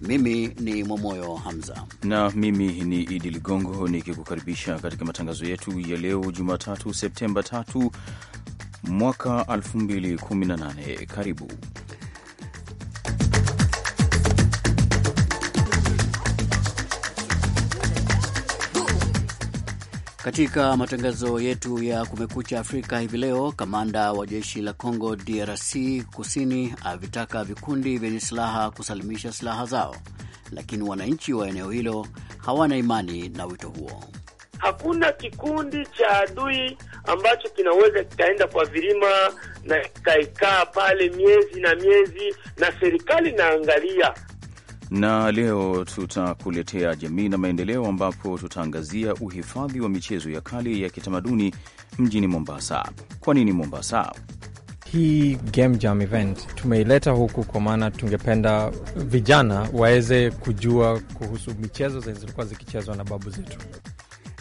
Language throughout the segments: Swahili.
Mimi ni Mwamoyo Hamza na mimi ni Idi Ligongo nikikukaribisha katika matangazo yetu ya leo Jumatatu Septemba 3 mwaka 2018. Karibu Katika matangazo yetu ya Kumekucha Afrika hivi leo, kamanda wa jeshi la Congo DRC kusini avitaka vikundi vyenye silaha kusalimisha silaha zao, lakini wananchi wa eneo hilo hawana imani na wito huo. Hakuna kikundi cha adui ambacho kinaweza kikaenda kwa vilima na kikaikaa pale miezi na miezi, na serikali inaangalia na leo tutakuletea jamii na maendeleo, ambapo tutaangazia uhifadhi wa michezo ya kale ya kitamaduni mjini Mombasa. Kwa nini Mombasa? Hii game jam event tumeileta huku kwa maana tungependa vijana waweze kujua kuhusu michezo zilikuwa zikichezwa na babu zetu.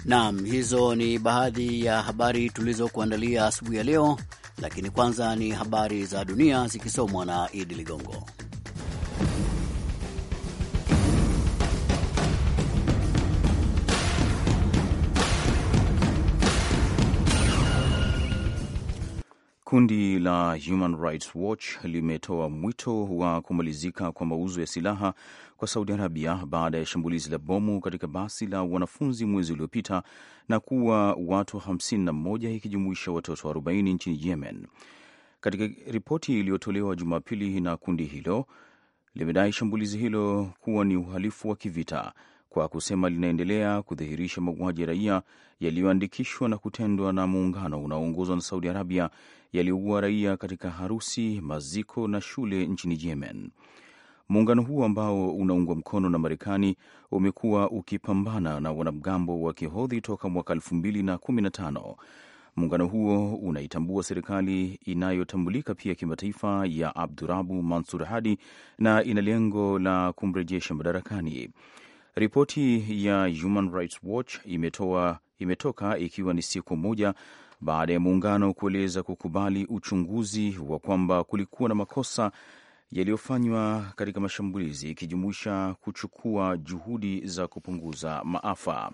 Naam, hizo ni baadhi ya habari tulizokuandalia asubuhi ya leo, lakini kwanza ni habari za dunia zikisomwa na Idi Ligongo. Kundi la Human Rights Watch limetoa mwito wa kumalizika kwa mauzo ya silaha kwa Saudi Arabia baada ya shambulizi la bomu katika basi la wanafunzi mwezi uliopita na kuwa watu 51 ikijumuisha watoto 40 nchini Yemen. Katika ripoti iliyotolewa Jumapili na kundi hilo limedai shambulizi hilo kuwa ni uhalifu wa kivita kwa kusema linaendelea kudhihirisha mauaji ya raia yaliyoandikishwa na kutendwa na muungano unaoongozwa na Saudi Arabia yaliyoua raia katika harusi, maziko na shule nchini Yemen. Muungano huo ambao unaungwa mkono na Marekani umekuwa ukipambana na wanamgambo wa kihodhi toka mwaka 215 Muungano huo unaitambua serikali inayotambulika pia kimataifa ya Abdurabu Mansur Hadi na ina lengo la kumrejesha madarakani. Ripoti ya Human Rights Watch imetoa, imetoka ikiwa ni siku moja baada ya muungano kueleza kukubali uchunguzi wa kwamba kulikuwa na makosa yaliyofanywa katika mashambulizi ikijumuisha kuchukua juhudi za kupunguza maafa.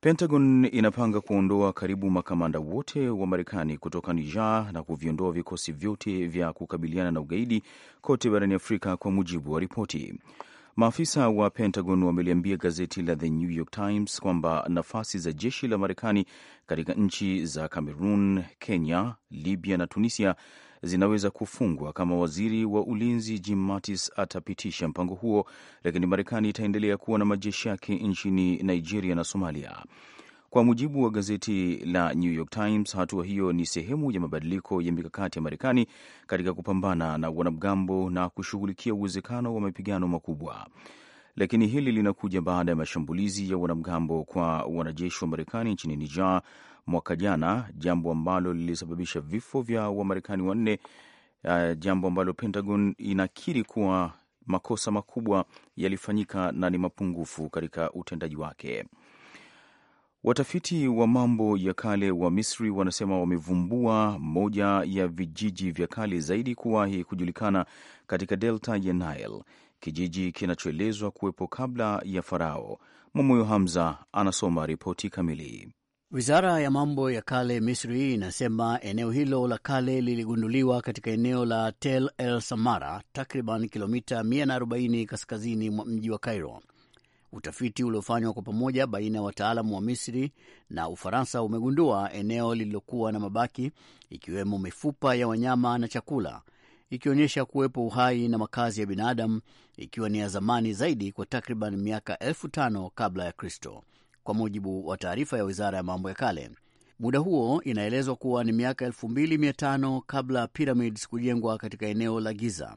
Pentagon inapanga kuondoa karibu makamanda wote wa Marekani kutoka Niger na kuviondoa vikosi vyote vya kukabiliana na ugaidi kote barani Afrika, kwa mujibu wa ripoti. Maafisa wa Pentagon wameliambia gazeti la The New York Times kwamba nafasi za jeshi la Marekani katika nchi za Cameroon, Kenya, Libya na Tunisia zinaweza kufungwa kama waziri wa ulinzi Jim Mattis atapitisha mpango huo, lakini Marekani itaendelea kuwa na majeshi yake nchini Nigeria na Somalia. Kwa mujibu wa gazeti la New York Times, hatua hiyo ni sehemu ya mabadiliko ya mikakati ya Marekani katika kupambana na wanamgambo na kushughulikia uwezekano wa mapigano makubwa. Lakini hili linakuja baada ya mashambulizi ya wanamgambo kwa wanajeshi wa Marekani nchini Niger mwaka jana, jambo ambalo lilisababisha vifo vya Wamarekani wanne, uh, jambo ambalo Pentagon inakiri kuwa makosa makubwa yalifanyika na ni mapungufu katika utendaji wake. Watafiti wa mambo ya kale wa Misri wanasema wamevumbua moja ya vijiji vya kale zaidi kuwahi kujulikana katika delta ya Nile, kijiji kinachoelezwa kuwepo kabla ya Farao. Mwamoyo Hamza anasoma ripoti kamili. Wizara ya mambo ya kale Misri inasema eneo hilo la kale liligunduliwa katika eneo la Tel El Samara, takriban kilomita 140 kaskazini mwa mji wa Cairo. Utafiti uliofanywa kwa pamoja baina ya wataalamu wa Misri na Ufaransa umegundua eneo lililokuwa na mabaki, ikiwemo mifupa ya wanyama na chakula, ikionyesha kuwepo uhai na makazi ya binadamu, ikiwa ni ya zamani zaidi kwa takriban miaka elfu tano kabla ya Kristo, kwa mujibu wa taarifa ya wizara ya mambo ya kale. Muda huo inaelezwa kuwa ni miaka elfu mbili mia tano kabla pyramids kujengwa katika eneo la Giza.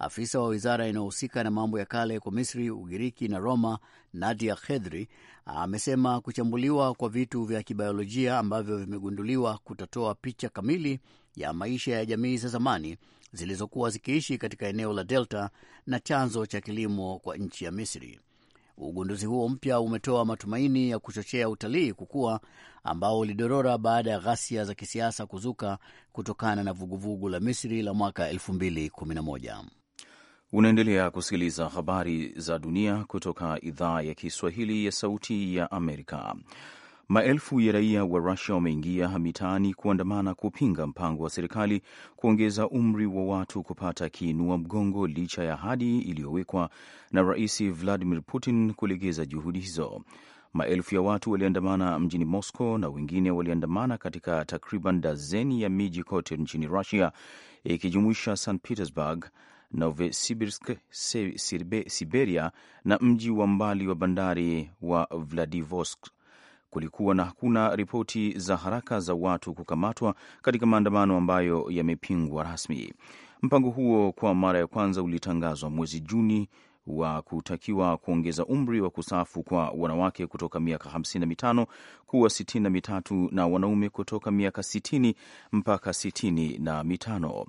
Afisa wa wizara inayohusika na mambo ya kale kwa Misri, Ugiriki na Roma, Nadia Khedri, amesema kuchambuliwa kwa vitu vya kibiolojia ambavyo vimegunduliwa kutatoa picha kamili ya maisha ya jamii za zamani zilizokuwa zikiishi katika eneo la delta na chanzo cha kilimo kwa nchi ya Misri. Ugunduzi huo mpya umetoa matumaini ya kuchochea utalii kukua, ambao ulidorora baada ya ghasia za kisiasa kuzuka kutokana na vuguvugu la Misri la mwaka 2011. Unaendelea kusikiliza habari za dunia kutoka idhaa ya Kiswahili ya Sauti ya Amerika. Maelfu ya raia wa Rusia wameingia mitaani kuandamana kupinga mpango wa serikali kuongeza umri wa watu kupata kiinua mgongo licha ya ahadi iliyowekwa na Rais Vladimir Putin kulegeza juhudi hizo. Maelfu ya watu waliandamana mjini Moscow na wengine waliandamana katika takriban dazeni ya miji kote nchini Rusia, ikijumuisha St Petersburg Novosibirsk, Siberia na mji wa mbali wa bandari wa Vladivostok. Kulikuwa na hakuna ripoti za haraka za watu kukamatwa katika maandamano ambayo yamepingwa rasmi. Mpango huo kwa mara ya kwanza ulitangazwa mwezi Juni wa kutakiwa kuongeza umri wa kustaafu kwa wanawake kutoka miaka 55 mitano kuwa 63 na mitatu na wanaume kutoka miaka sitini mpaka sitini na mitano.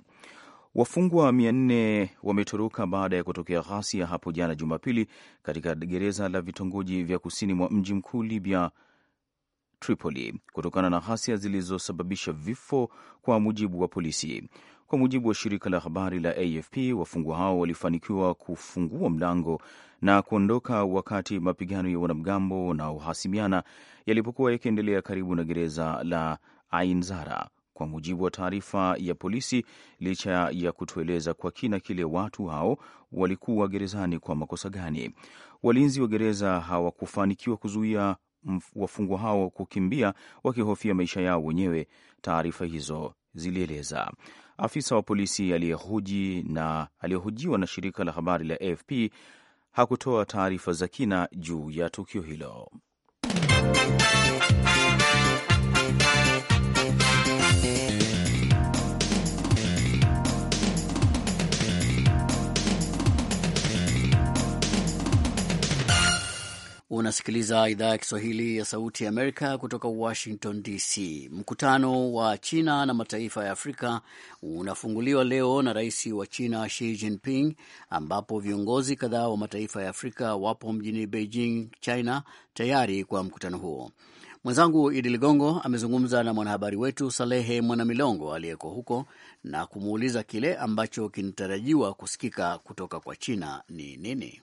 Wafungwa 400 wametoroka baada ya kutokea ghasia hapo jana Jumapili katika gereza la vitongoji vya kusini mwa mji mkuu Libya, Tripoli, kutokana na ghasia zilizosababisha vifo, kwa mujibu wa polisi. Kwa mujibu wa shirika la habari la AFP, wafungwa hao walifanikiwa kufungua mlango na kuondoka wakati mapigano ya wanamgambo na uhasimiana yalipokuwa yakiendelea karibu na gereza la Ainzara kwa mujibu wa taarifa ya polisi, licha ya kutueleza kwa kina kile watu hao walikuwa gerezani kwa makosa gani. Walinzi wa gereza hawakufanikiwa kuzuia wafungwa hao kukimbia wakihofia maisha yao wenyewe, taarifa hizo zilieleza. Afisa wa polisi aliyehoji na aliyehojiwa na shirika la habari la AFP hakutoa taarifa za kina juu ya tukio hilo. Unasikiliza idhaa ya Kiswahili ya Sauti ya Amerika kutoka Washington DC. Mkutano wa China na mataifa ya Afrika unafunguliwa leo na rais wa China Xi Jinping, ambapo viongozi kadhaa wa mataifa ya Afrika wapo mjini Beijing, China, tayari kwa mkutano huo. Mwenzangu Idi Ligongo amezungumza na mwanahabari wetu Salehe Mwanamilongo aliyeko huko na kumuuliza kile ambacho kinatarajiwa kusikika kutoka kwa China ni nini.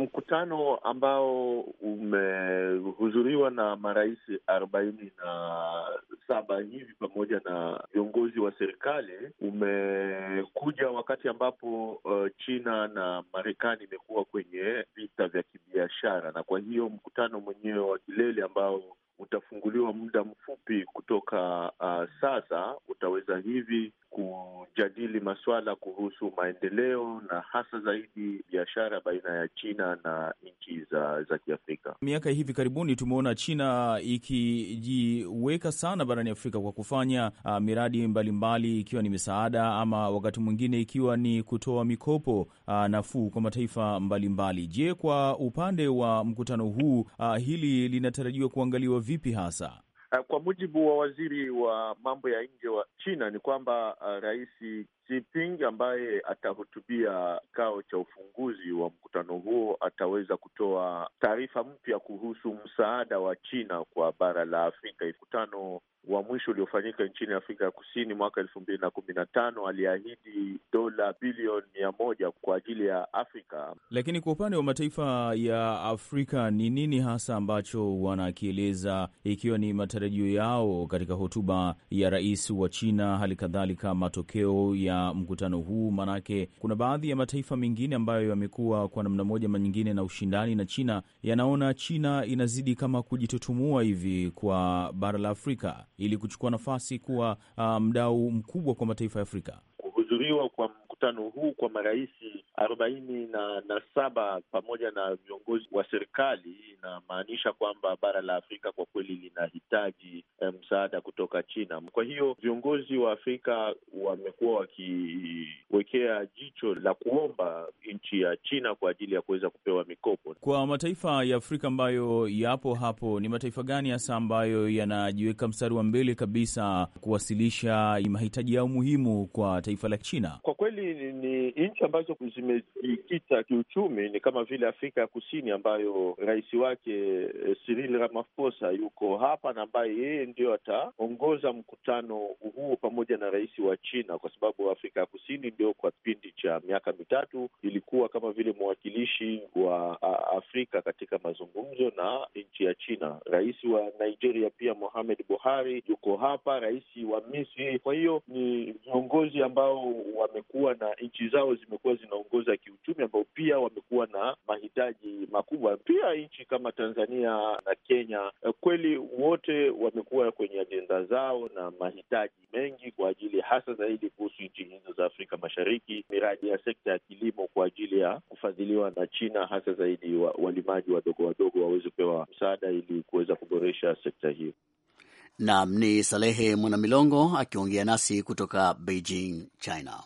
Mkutano ambao umehudhuriwa na marais arobaini na saba hivi pamoja na viongozi wa serikali umekuja wakati ambapo uh, China na Marekani imekuwa kwenye vita vya kibiashara, na kwa hiyo mkutano mwenyewe wa kilele ambao utafunguliwa muda mfupi kutoka uh, sasa. Utaweza hivi kujadili masuala kuhusu maendeleo na hasa zaidi biashara baina ya China na nchi za, za Kiafrika. Miaka hivi karibuni tumeona China ikijiweka sana barani Afrika kwa kufanya uh, miradi mbalimbali mbali, ikiwa ni misaada ama wakati mwingine ikiwa ni kutoa mikopo uh, nafuu kwa mataifa mbalimbali. Je, kwa upande wa mkutano huu uh, hili linatarajiwa kuangaliwa vipi hasa? Kwa mujibu wa waziri wa mambo ya nje wa China ni kwamba uh, Rais Jinping ambaye atahutubia kao cha ufunguzi wa mkutano huo ataweza kutoa taarifa mpya kuhusu msaada wa China kwa bara la Afrika. Mkutano wa mwisho uliofanyika nchini Afrika ya Kusini mwaka elfu mbili na kumi na tano aliahidi dola bilioni mia moja kwa ajili ya Afrika. Lakini kwa upande wa mataifa ya Afrika ni nini hasa ambacho wanakieleza ikiwa ni matarajio yao katika hotuba ya rais wa China, hali kadhalika matokeo ya mkutano huu? Maanake kuna baadhi ya mataifa mengine ambayo yamekuwa kwa namna moja ama nyingine na ushindani na China, yanaona China inazidi kama kujitutumua hivi kwa bara la Afrika ili kuchukua nafasi kuwa mdao ah, mdau mkubwa kwa mataifa ya Afrika. Kuhudhuriwa kwa mkutano huu kwa marais arobaini na, na saba pamoja na viongozi wa serikali inamaanisha kwamba bara la Afrika kwa kweli linahitaji eh, msaada kutoka China. Kwa hiyo viongozi wa Afrika wamekuwa wakiwekea jicho la kuomba nchi ya China kwa ajili ya kuweza kupewa mikopo. Kwa mataifa ya Afrika ambayo yapo hapo, ni mataifa gani hasa ambayo yanajiweka mstari wa mbele kabisa kuwasilisha mahitaji yao muhimu kwa taifa la China? Kwa kweli ni, ni nchi ambazo zimejikita kiuchumi ni kama vile Afrika ya Kusini ambayo rais wake eh, Cyril Ramaphosa yuko hapa na ambaye yeye ndio ataongoza mkutano huo pamoja na rais wa China, kwa sababu Afrika ya Kusini ndio kwa kipindi cha miaka mitatu ilikuwa kama vile mwakilishi wa Afrika katika mazungumzo na nchi ya China. Rais wa Nigeria pia Mohamed Buhari yuko hapa, rais wa Misri. Kwa hiyo ni viongozi ambao wamekuwa na nchi zao zimekuwa zinaongoza kiuchumi, ambao pia wamekuwa na mahitaji makubwa. Pia nchi kama Tanzania na Kenya eh, kweli wote wamekuwa kwenye ajenda zao na mahitaji mengi kwa ajili hasa zaidi kuhusu nchi hizo za Afrika Mashariki, miradi ya sekta ya kilimo kwa ajili ya kufadhiliwa na China, hasa zaidi wa, walimaji wadogo wadogo waweze kupewa msaada ili kuweza kuboresha sekta hiyo. Naam, ni Salehe Mwanamilongo akiongea nasi kutoka Beijing, China.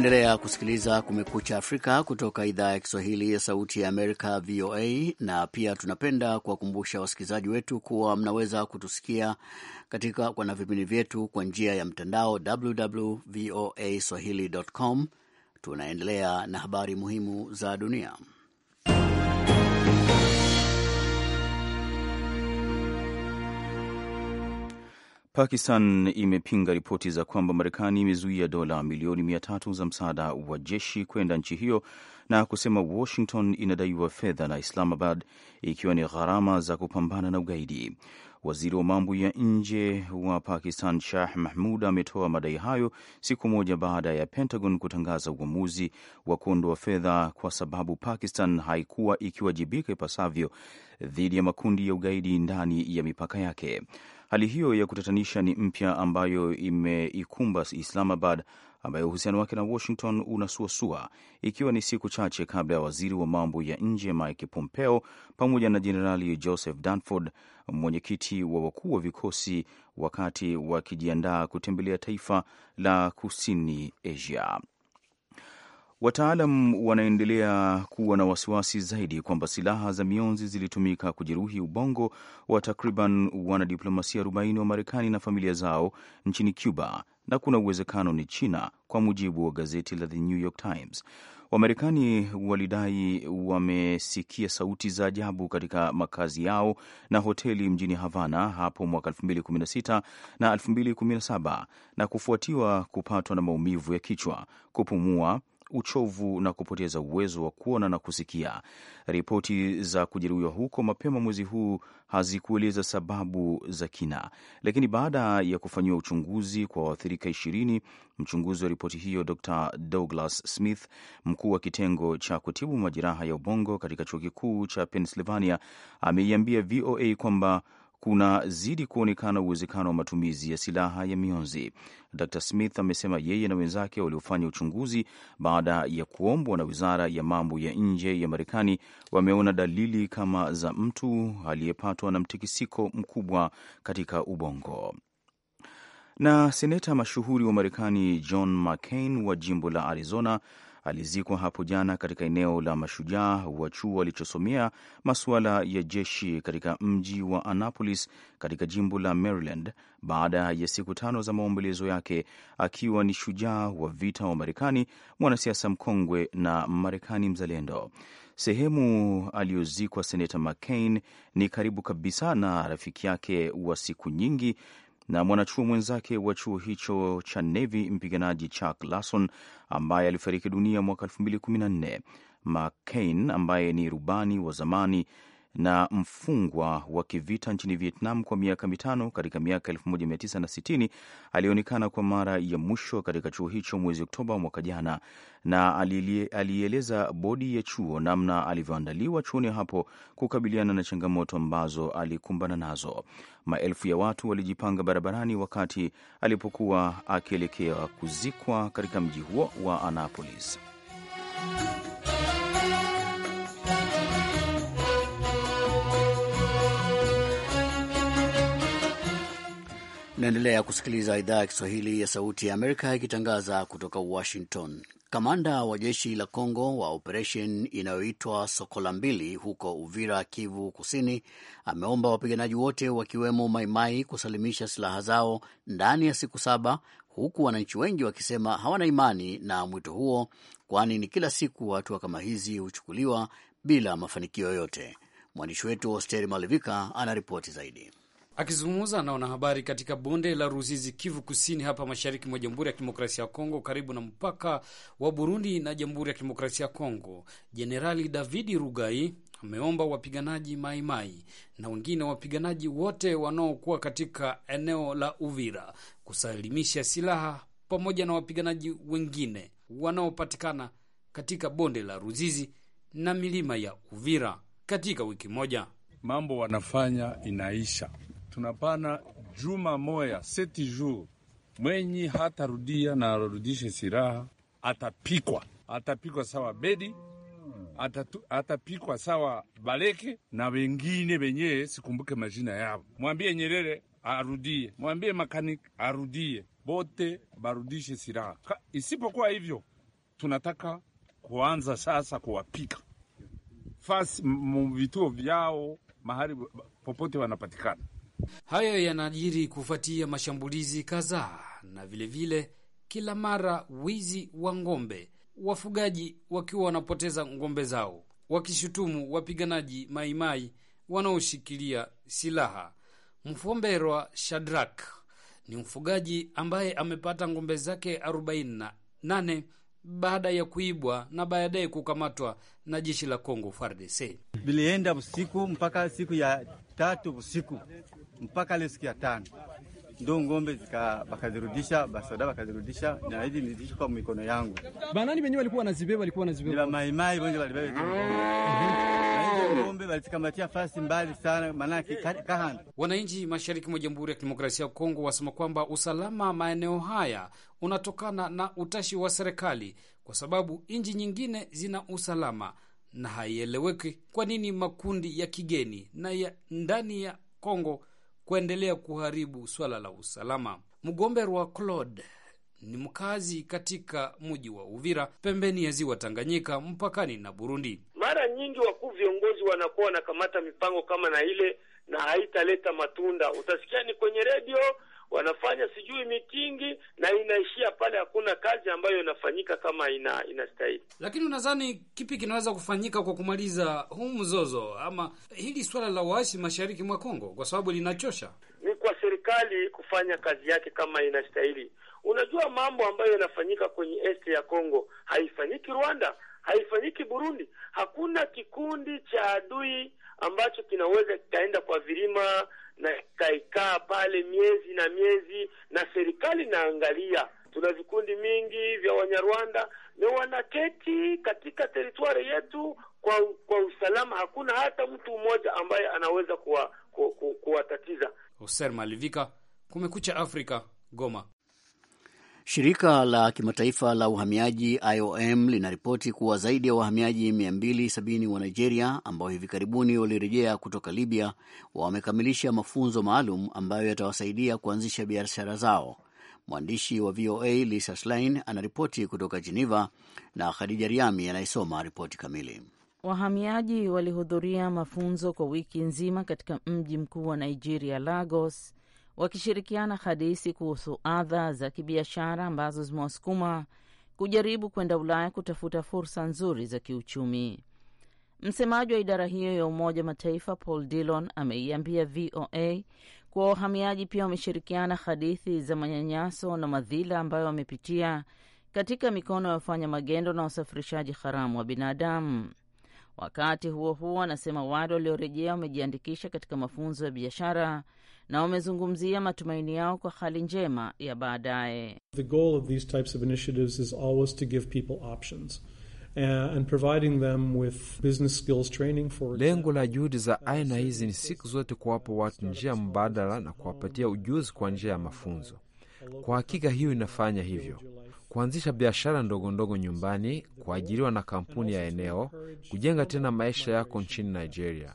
Unaendelea kusikiliza Kumekucha Afrika kutoka idhaa ya Kiswahili ya Sauti ya Amerika, VOA. Na pia tunapenda kuwakumbusha wasikilizaji wetu kuwa mnaweza kutusikia katika kwana vipindi vyetu kwa njia ya mtandao www swahili.com. Tunaendelea na habari muhimu za dunia. Pakistan imepinga ripoti za kwamba Marekani imezuia dola milioni mia tatu za msaada wa jeshi kwenda nchi hiyo na kusema Washington inadaiwa fedha na Islamabad ikiwa ni gharama za kupambana na ugaidi. Waziri wa mambo ya nje wa Pakistan Shah Mahmud ametoa madai hayo siku moja baada ya Pentagon kutangaza uamuzi wa kuondoa fedha kwa sababu Pakistan haikuwa ikiwajibika ipasavyo dhidi ya makundi ya ugaidi ndani ya mipaka yake. Hali hiyo ya kutatanisha ni mpya ambayo imeikumba Islamabad ambayo uhusiano wake na Washington unasuasua, ikiwa ni siku chache kabla ya waziri wa mambo ya nje Mike Pompeo pamoja na Jenerali Joseph Dunford, mwenyekiti wa wakuu wa vikosi, wakati wakijiandaa kutembelea taifa la kusini Asia. Wataalam wanaendelea kuwa na wasiwasi zaidi kwamba silaha za mionzi zilitumika kujeruhi ubongo wa takriban wanadiplomasia 40 wa Marekani na familia zao nchini Cuba, na kuna uwezekano ni China, kwa mujibu wa gazeti la The New York Times. Wamarekani walidai wamesikia sauti za ajabu katika makazi yao na hoteli mjini Havana hapo mwaka 2016 na 2017 na kufuatiwa kupatwa na maumivu ya kichwa, kupumua uchovu na kupoteza uwezo wa kuona na kusikia. Ripoti za kujeruhiwa huko mapema mwezi huu hazikueleza sababu za kina, lakini baada ya kufanyiwa uchunguzi kwa waathirika ishirini, mchunguzi wa ripoti hiyo Dr Douglas Smith, mkuu wa kitengo cha kutibu majeraha ya ubongo katika chuo kikuu cha Pennsylvania, ameiambia VOA kwamba kunazidi kuonekana uwezekano wa matumizi ya silaha ya mionzi. Dr Smith amesema yeye na wenzake waliofanya uchunguzi baada ya kuombwa na wizara ya mambo ya nje ya Marekani wameona dalili kama za mtu aliyepatwa na mtikisiko mkubwa katika ubongo. Na seneta mashuhuri wa Marekani John McCain wa jimbo la Arizona alizikwa hapo jana katika eneo la mashujaa wa chuo alichosomea masuala ya jeshi katika mji wa Annapolis katika jimbo la Maryland baada ya siku tano za maombolezo yake, akiwa ni shujaa wa vita wa Marekani, mwanasiasa mkongwe na Marekani mzalendo. Sehemu aliyozikwa Senata McCain ni karibu kabisa na rafiki yake wa siku nyingi na mwanachuo mwenzake wa chuo hicho cha Navy mpiganaji Chuck Larson ambaye alifariki dunia mwaka 2014. McCain ambaye ni rubani wa zamani na mfungwa wa kivita nchini Vietnam kwa miaka mitano katika miaka 1960 alionekana kwa mara ya mwisho katika chuo hicho mwezi Oktoba mwaka jana, na alieleza bodi ya chuo namna alivyoandaliwa chuoni hapo kukabiliana na changamoto ambazo alikumbana nazo. Maelfu ya watu walijipanga barabarani wakati alipokuwa akielekea kuzikwa katika mji huo wa Annapolis. Naendelea kusikiliza idhaa ya Kiswahili ya Sauti ya Amerika ikitangaza kutoka Washington. Kamanda wa jeshi la congo wa operesheni inayoitwa Sokola mbili huko Uvira, Kivu Kusini, ameomba wapiganaji wote wakiwemo Maimai kusalimisha silaha zao ndani ya siku saba, huku wananchi wengi wakisema hawana imani na mwito huo, kwani ni kila siku hatua kama hizi huchukuliwa bila mafanikio yoyote. Mwandishi wetu Hosteri Malivika anaripoti zaidi. Akizungumza na wanahabari katika bonde la Ruzizi, Kivu Kusini, hapa mashariki mwa Jamhuri ya Kidemokrasia ya Kongo, karibu na mpaka wa Burundi na Jamhuri ya Kidemokrasia ya Kongo, Jenerali Davidi Rugai ameomba wapiganaji Maimai na wengine wapiganaji wote wanaokuwa katika eneo la Uvira kusalimisha silaha pamoja na wapiganaji wengine wanaopatikana katika bonde la Ruzizi na milima ya Uvira katika wiki moja. Mambo wanafanya inaisha tunapana juma moya seti jour, mwenye hatarudia na arudishe silaha atapikwa, atapikwa sawa bedi Atatu, atapikwa sawa baleke na wengine wenye sikumbuke majina yao. Mwambie Nyerere arudie, mwambie makanik arudie, bote barudishe silaha. Isipokuwa hivyo, tunataka kuanza sasa kuwapika fasi mvituo vyao mahali popote wanapatikana. Hayo yanajiri kufuatia mashambulizi kadhaa na vilevile vile, kila mara wizi wa ng'ombe, wafugaji wakiwa wanapoteza ng'ombe zao, wakishutumu wapiganaji maimai wanaoshikilia silaha. Mfomberwa Shadrak ni mfugaji ambaye amepata ng'ombe zake 48 baada ya kuibwa na baadaye kukamatwa na jeshi la Congo FARDC. Vilienda usiku mpaka siku ya tatu usiku mpaka leo siku ya tano ndo ng'ombe wakazirudisha basoda wakazirudisha na hizi nilizishi kwa mikono yangu. Banani wenyewe walikuwa wanazibeba, walikuwa wanazibeba maimai wenyewe walibeba mhm ng'ombe walizikamatia fasi mbali sana, maanake Wananchi mashariki mwa Jamhuri ya Kidemokrasia ya Kongo wasema kwamba usalama maeneo haya unatokana na utashi wa serikali, kwa sababu nchi nyingine zina usalama na haieleweki kwa nini makundi ya kigeni na ya ndani ya Kongo kuendelea kuharibu swala la usalama. wa Claude ni mkazi katika mji wa Uvira pembeni ya ziwa Tanganyika mpakani na Burundi. Mara nyingi wakuu viongozi wanakuwa wanakamata mipango kama na ile na haitaleta matunda. Utasikia ni kwenye redio wanafanya sijui mitingi na inaishia pale, hakuna kazi ambayo inafanyika kama ina inastahili. Lakini unadhani kipi kinaweza kufanyika kwa kumaliza huu mzozo ama hili swala la waasi mashariki mwa Kongo, kwa sababu linachosha? Ni kwa serikali kufanya kazi yake kama inastahili. Unajua, mambo ambayo yanafanyika kwenye este ya Kongo haifanyiki Rwanda, haifanyiki Burundi. Hakuna kikundi cha adui ambacho kinaweza kikaenda kwa vilima na kaikaa pale miezi na miezi, na serikali inaangalia. Tuna vikundi mingi vya Wanyarwanda na wanaketi katika teritwari yetu kwa kwa usalama. Hakuna hata mtu mmoja ambaye anaweza kuwatatiza kuwa, kuwa, kuwa. Hoser Malivika, Kumekucha Afrika, Goma. Shirika la kimataifa la uhamiaji IOM linaripoti kuwa zaidi ya wahamiaji 270 wa Nigeria ambao hivi karibuni walirejea kutoka Libya wamekamilisha mafunzo maalum ambayo yatawasaidia kuanzisha biashara zao. Mwandishi wa VOA Lisa Schlein anaripoti kutoka Geneva na Khadija Riami anayesoma ripoti kamili. Wahamiaji walihudhuria mafunzo kwa wiki nzima katika mji mkuu wa Nigeria, Lagos wakishirikiana hadithi kuhusu adha za kibiashara ambazo zimewasukuma kujaribu kwenda Ulaya kutafuta fursa nzuri za kiuchumi. Msemaji wa idara hiyo ya Umoja Mataifa Paul Dillon ameiambia VOA kuwa wahamiaji pia wameshirikiana hadithi za manyanyaso na madhila ambayo wamepitia katika mikono ya wafanya magendo na wasafirishaji haramu wa binadamu. Wakati huo huo, anasema wale waliorejea wamejiandikisha katika mafunzo ya biashara na wamezungumzia matumaini yao kwa hali njema ya baadaye. Lengo la juhudi za aina hizi ni siku zote kuwapa watu njia mbadala na kuwapatia ujuzi kwa njia ya mafunzo. Kwa hakika hiyo inafanya hivyo kuanzisha biashara ndogo ndogo nyumbani, kuajiriwa na kampuni ya eneo, kujenga tena maisha yako nchini Nigeria.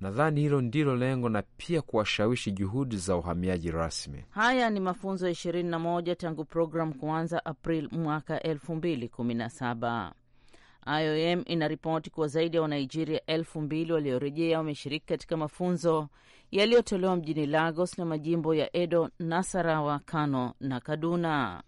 Nadhani hilo ndilo lengo na pia kuwashawishi juhudi za uhamiaji rasmi. Haya ni mafunzo ya 21 tangu programu kuanza april mwaka saba. IOM inaripoti kuwa zaidi ya Wanigeria elfu mbili waliorejea wameshiriki katika mafunzo yaliyotolewa mjini Lagos na majimbo ya Edo, Nasarawa, Kano na Kaduna.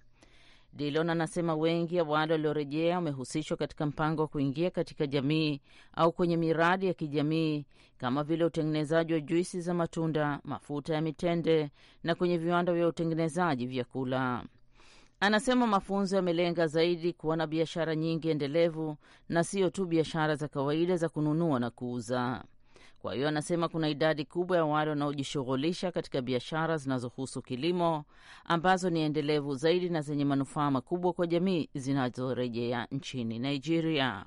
Dilon anasema wengi ya wale waliorejea wamehusishwa katika mpango wa kuingia katika jamii au kwenye miradi ya kijamii kama vile utengenezaji wa juisi za matunda, mafuta ya mitende na kwenye viwanda vya utengenezaji vyakula. Anasema mafunzo yamelenga zaidi kuwa na biashara nyingi endelevu na siyo tu biashara za kawaida za kununua na kuuza. Kwa hiyo anasema kuna idadi kubwa ya wale wanaojishughulisha katika biashara zinazohusu kilimo ambazo ni endelevu zaidi na zenye manufaa makubwa kwa jamii zinazorejea nchini Nigeria.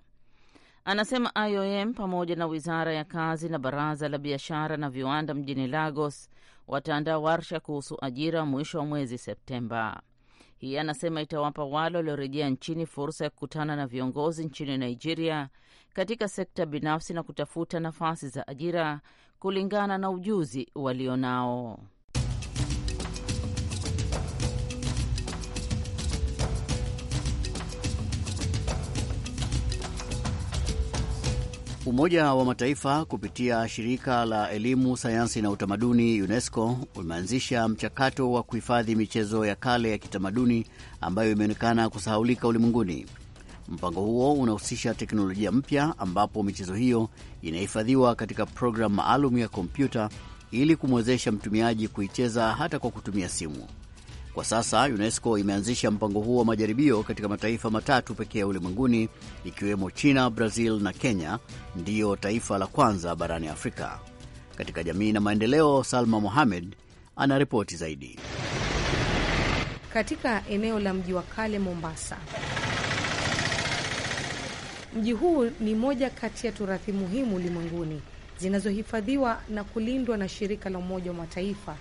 Anasema IOM pamoja na wizara ya kazi na baraza la biashara na viwanda mjini Lagos wataandaa warsha kuhusu ajira mwisho wa mwezi Septemba. Hii anasema itawapa wale waliorejea nchini fursa ya kukutana na viongozi nchini Nigeria katika sekta binafsi na kutafuta nafasi za ajira kulingana na ujuzi walionao. Umoja wa Mataifa kupitia shirika la elimu, sayansi na utamaduni UNESCO umeanzisha mchakato wa kuhifadhi michezo ya kale ya kitamaduni ambayo imeonekana kusahaulika ulimwenguni. Mpango huo unahusisha teknolojia mpya ambapo michezo hiyo inahifadhiwa katika programu maalum ya kompyuta ili kumwezesha mtumiaji kuicheza hata kwa kutumia simu. Kwa sasa UNESCO imeanzisha mpango huo wa majaribio katika mataifa matatu pekee ya ulimwenguni ikiwemo China, Brazil na Kenya, ndiyo taifa la kwanza barani Afrika. Katika jamii na maendeleo, Salma Mohamed ana ripoti zaidi. Katika eneo la mji wa kale Mombasa, Mji huu ni moja kati ya turathi muhimu ulimwenguni zinazohifadhiwa na kulindwa na shirika la Umoja wa Mataifa.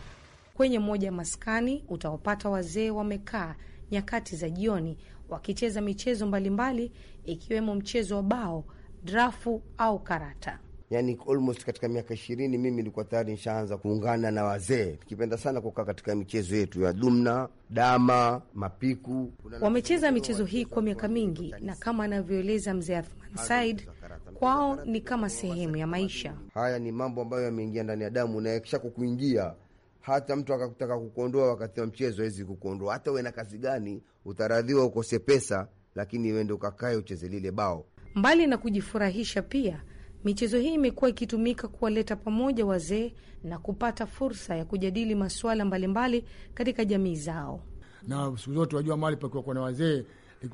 Kwenye moja ya maskani utawapata wazee wamekaa nyakati za jioni wakicheza michezo mbalimbali ikiwemo mchezo wa bao, drafu au karata yani almost katika miaka ishirini mimi nilikuwa tayari nishaanza kuungana na wazee, tukipenda sana kukaa katika michezo yetu ya dumna, dama, mapiku. Wamecheza michezo hii kwa miaka mingi, na kama anavyoeleza mzee Athman Said, kwao ni kama sehemu ya maisha. Haya ni mambo ambayo yameingia ndani ya damu na yakisha kukuingia hata mtu akakutaka kukuondoa wakati wa mchezo awezi kukuondoa. Hata uwe na kazi gani, utaradhiwa ukose pesa, lakini uende ukakae ucheze lile bao. Mbali na kujifurahisha, pia Michezo hii imekuwa ikitumika kuwaleta pamoja wazee na kupata fursa ya kujadili masuala mbalimbali katika jamii zao. Na siku zote wajua, mahali pakiwa kuna wazee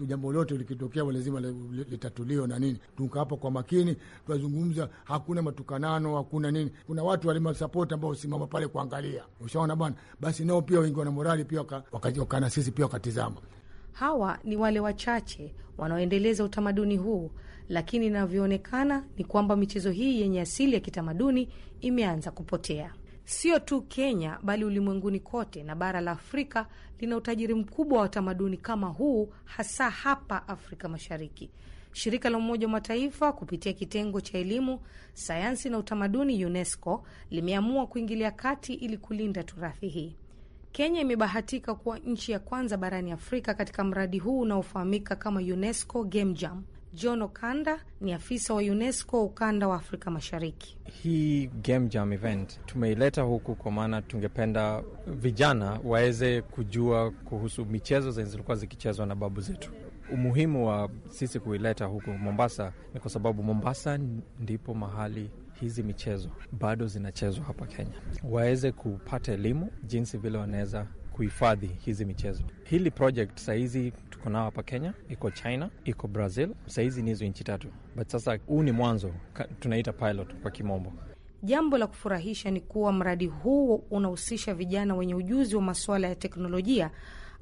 jambo lote likitokea lazima litatuliwa na nini. tukaapa kwa makini, tuazungumza hakuna matukanano, hakuna nini. Kuna watu walimasapoti ambao usimama pale kuangalia, ushaona bwana, basi nao pia wengi wana morali pia wakana sisi pia wakatizama. Hawa ni wale wachache wanaoendeleza utamaduni huu lakini inavyoonekana ni kwamba michezo hii yenye asili ya kitamaduni imeanza kupotea, sio tu Kenya bali ulimwenguni kote, na bara la Afrika lina utajiri mkubwa wa tamaduni kama huu, hasa hapa Afrika Mashariki. Shirika la Umoja wa Mataifa kupitia kitengo cha elimu, sayansi na utamaduni UNESCO limeamua kuingilia kati ili kulinda turathi hii. Kenya imebahatika kuwa nchi ya kwanza barani Afrika katika mradi huu unaofahamika kama UNESCO Game Jam. John Okanda ni afisa wa UNESCO ukanda wa Afrika Mashariki. Hii game jam event tumeileta huku kwa maana tungependa vijana waweze kujua kuhusu michezo zenye zilikuwa zikichezwa na babu zetu. Umuhimu wa sisi kuileta huku Mombasa ni kwa sababu Mombasa ndipo mahali hizi michezo bado zinachezwa hapa Kenya, waweze kupata elimu jinsi vile wanaweza kuhifadhi hizi michezo. Hili project sahizi tuko nao hapa Kenya, iko China, iko Brazil, sahizi ni hizo nchi tatu, but sasa huu ni mwanzo, tunaita pilot kwa kimombo. Jambo la kufurahisha ni kuwa mradi huu unahusisha vijana wenye ujuzi wa masuala ya teknolojia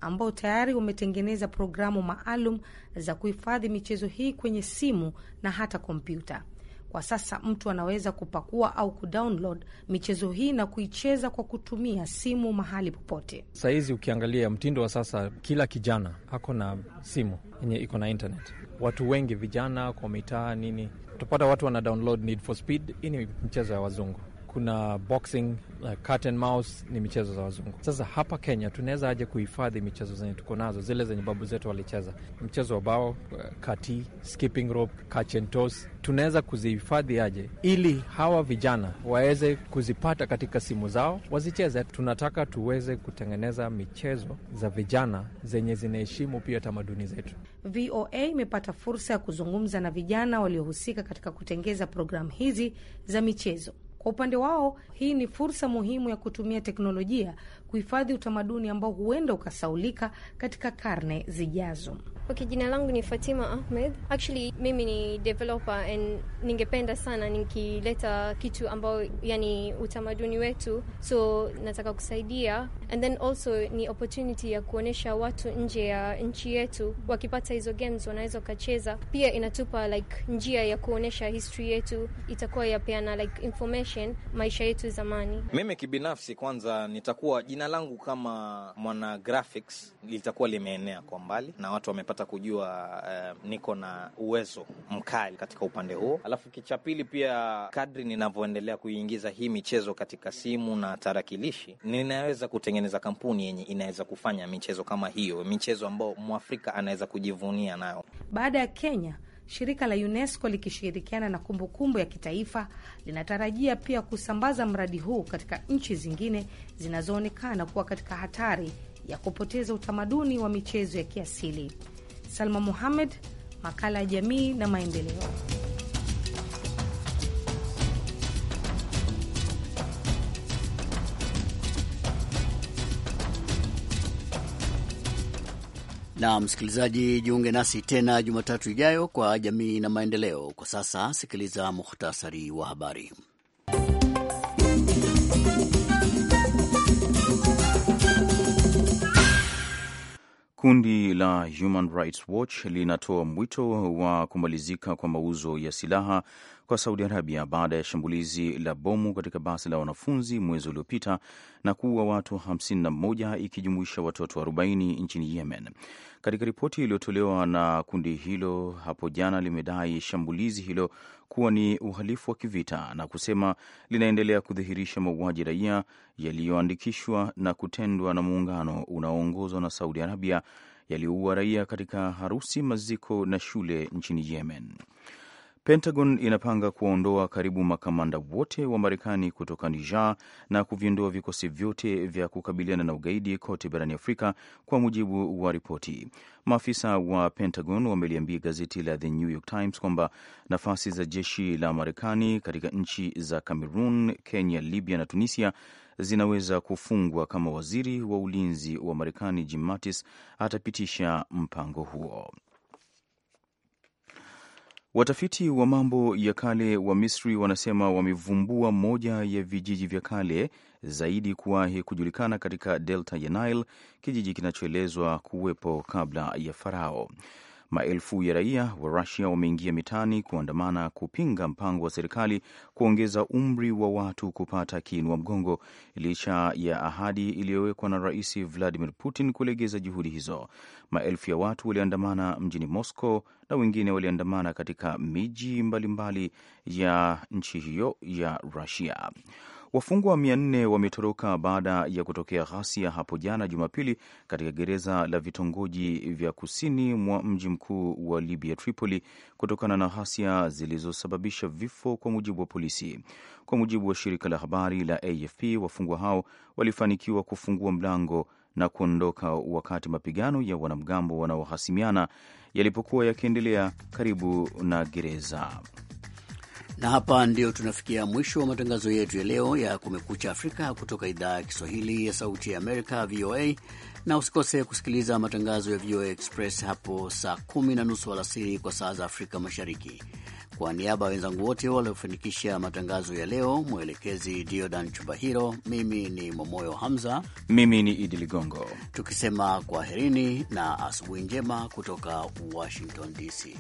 ambao tayari umetengeneza programu maalum za kuhifadhi michezo hii kwenye simu na hata kompyuta. Kwa sasa mtu anaweza kupakua au kudownload michezo hii na kuicheza kwa kutumia simu mahali popote. Sahizi ukiangalia mtindo wa sasa, kila kijana ako na simu yenye iko na internet. Watu wengi vijana kwa mitaa nini, utapata watu wana download Need for Speed. Hii ni mchezo ya wazungu kuna boxing, uh, cat and mouse ni michezo za wazungu. Sasa hapa Kenya tunaweza aje kuhifadhi michezo zenye tuko nazo, zile zenye babu zetu walicheza, mchezo wa bao, uh, kati, skipping rope, catch and toss, tunaweza kuzihifadhi aje ili hawa vijana waweze kuzipata katika simu zao wazicheze. Tunataka tuweze kutengeneza michezo za vijana zenye zinaheshimu pia tamaduni zetu. VOA imepata fursa ya kuzungumza na vijana waliohusika katika kutengeza programu hizi za michezo. Kwa upande wao, hii ni fursa muhimu ya kutumia teknolojia kuhifadhi utamaduni ambao huenda ukasaulika katika karne zijazo. Okay, jina langu ni Fatima Ahmed. Actually, mimi ni developer and ningependa sana nikileta kitu ambayo yani utamaduni wetu, so nataka kusaidia and then also ni opportunity ya kuonyesha watu nje ya nchi yetu, wakipata hizo games wanaweza wakacheza. Pia inatupa like njia ya kuonesha history yetu, itakuwa yapeana like information maisha yetu zamani. Mimi kibinafsi kwanza nitakuwa jina Jina langu kama mwana graphics litakuwa limeenea kwa mbali na watu wamepata kujua eh, niko na uwezo mkali katika upande huo. Alafu kicha pili, pia kadri ninavyoendelea kuiingiza hii michezo katika simu na tarakilishi, ninaweza kutengeneza kampuni yenye inaweza kufanya michezo kama hiyo, michezo ambayo mwafrika anaweza kujivunia nayo. Baada ya Kenya shirika la UNESCO likishirikiana na kumbukumbu kumbu ya kitaifa linatarajia pia kusambaza mradi huu katika nchi zingine zinazoonekana kuwa katika hatari ya kupoteza utamaduni wa michezo ya kiasili. Salma Muhamed, makala ya jamii na maendeleo. Na msikilizaji, jiunge nasi tena Jumatatu ijayo kwa jamii na maendeleo. Kwa sasa sikiliza muhtasari wa habari. Kundi la Human Rights Watch linatoa mwito wa kumalizika kwa mauzo ya silaha kwa Saudi Arabia baada ya shambulizi la bomu katika basi la wanafunzi mwezi uliopita na kuua watu 51 ikijumuisha watoto 40 nchini Yemen. Katika ripoti iliyotolewa na kundi hilo hapo jana, limedai shambulizi hilo kuwa ni uhalifu wa kivita na kusema linaendelea kudhihirisha mauaji raia yaliyoandikishwa na kutendwa na muungano unaoongozwa na Saudi Arabia yaliyoua raia katika harusi, maziko na shule nchini Yemen. Pentagon inapanga kuwaondoa karibu makamanda wote wa Marekani kutoka Niger na kuviondoa vikosi vyote vya kukabiliana na ugaidi kote barani Afrika, kwa mujibu wa ripoti. Maafisa wa Pentagon wameliambia gazeti la The New York Times kwamba nafasi za jeshi la Marekani katika nchi za Cameroon, Kenya, Libya na Tunisia zinaweza kufungwa kama waziri wa ulinzi wa Marekani Jim Mattis atapitisha mpango huo. Watafiti wa mambo ya kale wa Misri wanasema wamevumbua moja ya vijiji vya kale zaidi kuwahi kujulikana katika delta ya Nile, kijiji kinachoelezwa kuwepo kabla ya Farao. Maelfu ya raia wa Rusia wameingia mitaani kuandamana kupinga mpango wa serikali kuongeza umri wa watu kupata kiinua mgongo, licha ya ahadi iliyowekwa na Rais Vladimir Putin kulegeza juhudi hizo. Maelfu ya watu waliandamana mjini Moscow na wengine waliandamana katika miji mbalimbali ya nchi hiyo ya Rusia. Wafungwa 4 wametoroka baada ya kutokea ghasia hapo jana Jumapili katika gereza la vitongoji vya kusini mwa mji mkuu wa Libya, Tripoli, kutokana na ghasia zilizosababisha vifo, kwa mujibu wa polisi. Kwa mujibu wa shirika la habari la AFP, wafungwa hao walifanikiwa kufungua mlango na kuondoka wakati mapigano ya wanamgambo wanaohasimiana yalipokuwa yakiendelea karibu na gereza. Na hapa ndio tunafikia mwisho wa matangazo yetu ya leo ya Kumekucha Afrika kutoka idhaa ya Kiswahili ya Sauti ya Amerika, VOA. Na usikose kusikiliza matangazo ya VOA Express hapo saa kumi na nusu alasiri kwa saa za Afrika Mashariki. Kwa niaba ya wenzangu wote waliofanikisha matangazo ya leo, mwelekezi Diodan Chubahiro, mimi ni Momoyo Hamza, mimi ni Idi Ligongo, tukisema kwaherini na asubuhi njema kutoka Washington DC.